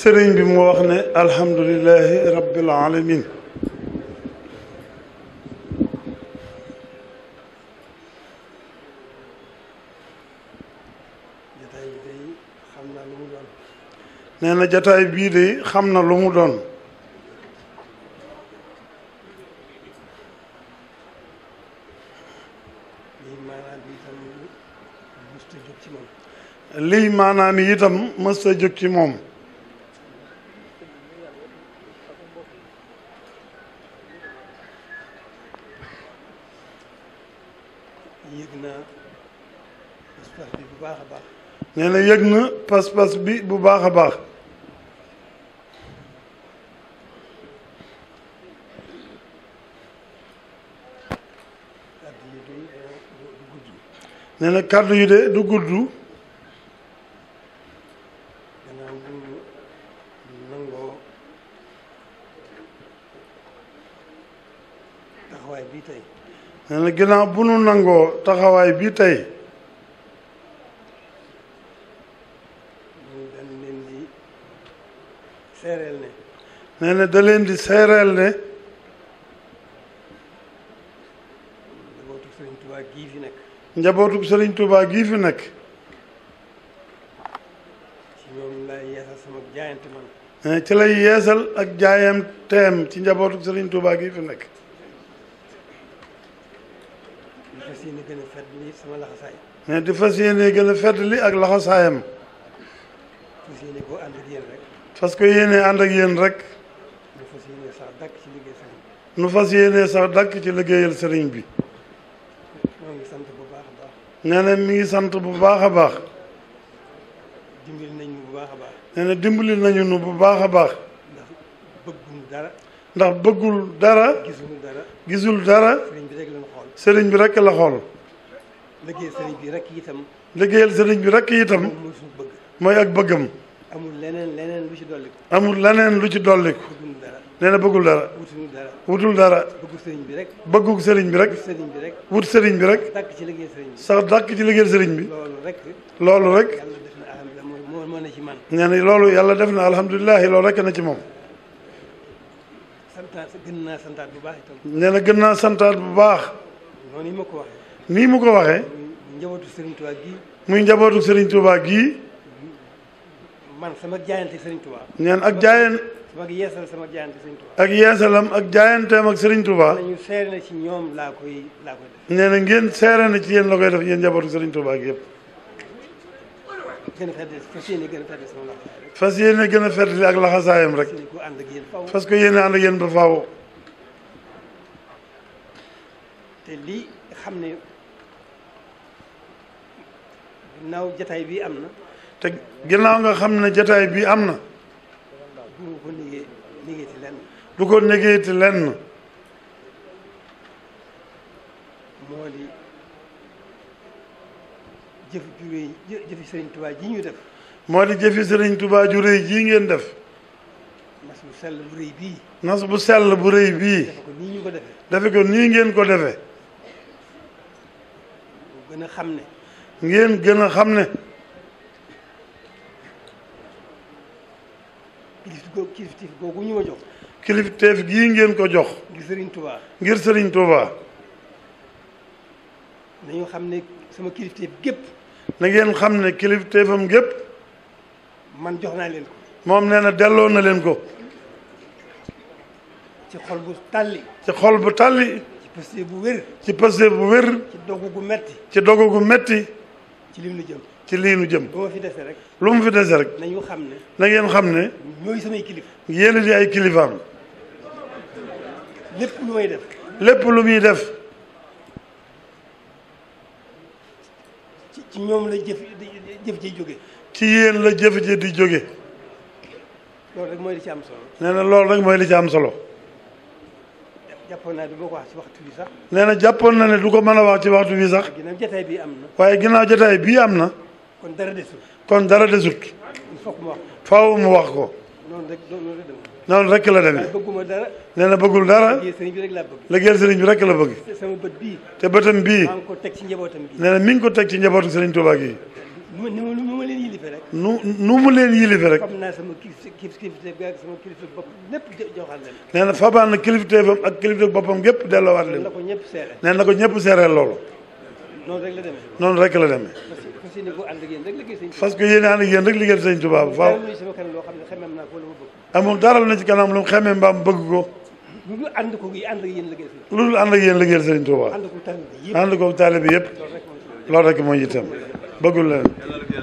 sëriñ bi mu wax ne alhamdulilahi rabbil alamin nee na jataay bii de xam na lu mu doon lii maanaam itam mësta jóg ci moom yëg naa bu baax a baax. nee na yëg na pas-pas bi bu baax a baax. Eh, nee na kàddu yi de du gudd. gannaaw bu nangoo taxawaay bii nee na bu nu nangoo taxawaay bi tey dañ leen di da leen di seereel ne njabootu Sëriñ Tuubaa gii fi nekk njabootu Sëriñ Tuubaa gii fi nekk ci ñoom lay yeesal ak jaayante man eh, ci lay njabootu Sëriñ Tuubaa gii fi nekk fas yéene gën a fedd li sama laxasaay. nee di fas yéene gën a fedd li ak laxasaayam. fas yéene koo ànd ak yéen ko yéene ànd ak yéen rek. nu fas yéene sax dàkk ci bi. nu fas yéene sax dàkk ci liggéeyal sëriñ bi. maa ngi sant bu baax a baax. nee na mi ngi sant bu baax a baax. dimbali nañu bu baax a baax. nee na dimbali nañu nu bu baax a baax. ndax bëggul dara. gisul dara gisul dara. sëriñ bi rek la xool. sëriñ bi rek la xool. liggéeyal sëriñ bi rek itam. liggéeyal sëriñ bi rek itam. mooy ak bëggam. amul leneen leneen lu ci dolliku. amul leneen lu ci dolliku. nee na bëggul dara. wutul dara wutul dara. bëggu sëriñ bi rek. bëggu sëriñ bi rek. wut sëriñ bi rek. dàkk ci liggéeyal sëriñ bi. sax dàkk ci liggéeyal sëriñ bi. loolu rek. loolu rek. nee na loolu yàlla def na alhamdulilah loolu rek na ci moom. santaat gën naa santaat bu baax itam. na gën naa santaat bu baax. noonu ma ko waxee. nii mu ko waxee. muy njabootu Serigne Touba gii. muy njabootu Serigne Touba gii. man sama jaayante Serigne Touba. neen ak jaayen. ak yeesalam sama jaayante Serigne Touba. ak yeesalam ak jaayanteem ak Serigne Touba. nee na ñu seere na ci ñoom laa koy laa koy def. nee ngeen seere na ci yéen la koy def yéen njabootu gi yëpp. gën a fas yéene gën a fedd sama laxasaayam a fedd ak laxasaayam rek. fas ko yéene ànd ba faaw. te lii xam ne ginnaaw bi am na. nga xam ne jataay bi am na. du ko négé négéti lenn. jëf ji def moo di jëfi sëriñ tubaa ju rëy jii ngeen def nas bu sell bu rëy bii nas bu sell bu rëy bii defe ko nii ñu ko defe defe ko nii ngeen ko defe gën a xam ne ngeen gën a xam ne kilifteef googu ñu ma gii ngeen ko jox ngir ngir sëriñ tubaa nañu xam ne sama kilifteef gépp na ngeen xam ne kilif téefam gépp man jox naa leen ko moom nee na delloo na leen ko ci xol bu tàlli ci xol bu tàlli ci pëste bu wér ci dogu gu metti ci dogu gu lii nu jëm ci lii nu jëm lu fi dese rek lu mu fi dese rek nañu xam ne na ngeen xam ne ñooy samay kilif di ay kilifaam lépp lu lépp lu muy def ci ñoom la jëf jëf ji jóge ci yéen la jëf ji di jóge loolu rek mooy li ci am solo nee na loolu rek mooy li ci am solo jàppoon naa du ma ko wax ci waxtu sax nee na jàppoon na ne du ko mën a wax ci waxtu bi sax ginnaaw jotaay bi am na waaye ginnaaw jotaay bii am na kon dara desut kon dara desut faw mu wax ko noonu rek noonu rek noonu rek la demee bëgguma dara nee na bëggul dara sëriñ bi rek la bëgg liggéeyal sëriñ bi rek la bëgg sama bët bii te bëtam bii ko teg ci njabootam gi nee na mi ko teg ci njabootu sëriñ Tuubaa gi nu nu ma leen yilife mu leen yilife rek fab naa sama kilifteef ak sama kilifteef boppam lépp joxaat leen na fabaan na kilifteefam ak kilifteef boppam gépp delloowaat leen na ko ñëpp na ko ñëpp seereel loolu noonu rek la demee noonu rek la demee fas ko yéene ànd ak yéen rek liggéeyal amul dara lu ne ci kanam lu mu xamee mbaam bëgg ko. lu dul ànd ko ànd ak yéen liggéeyal Serigne Touba. lu dul ànd ak yéen liggéeyal Serigne Touba. ànd ko taalibe yëpp ànd ko taalibe yëpp. loolu rek mooy itam bëggul leen.